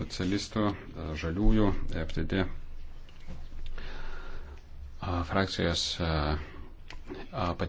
socialistų, e, žaliųjų, FTD e e, frakcijos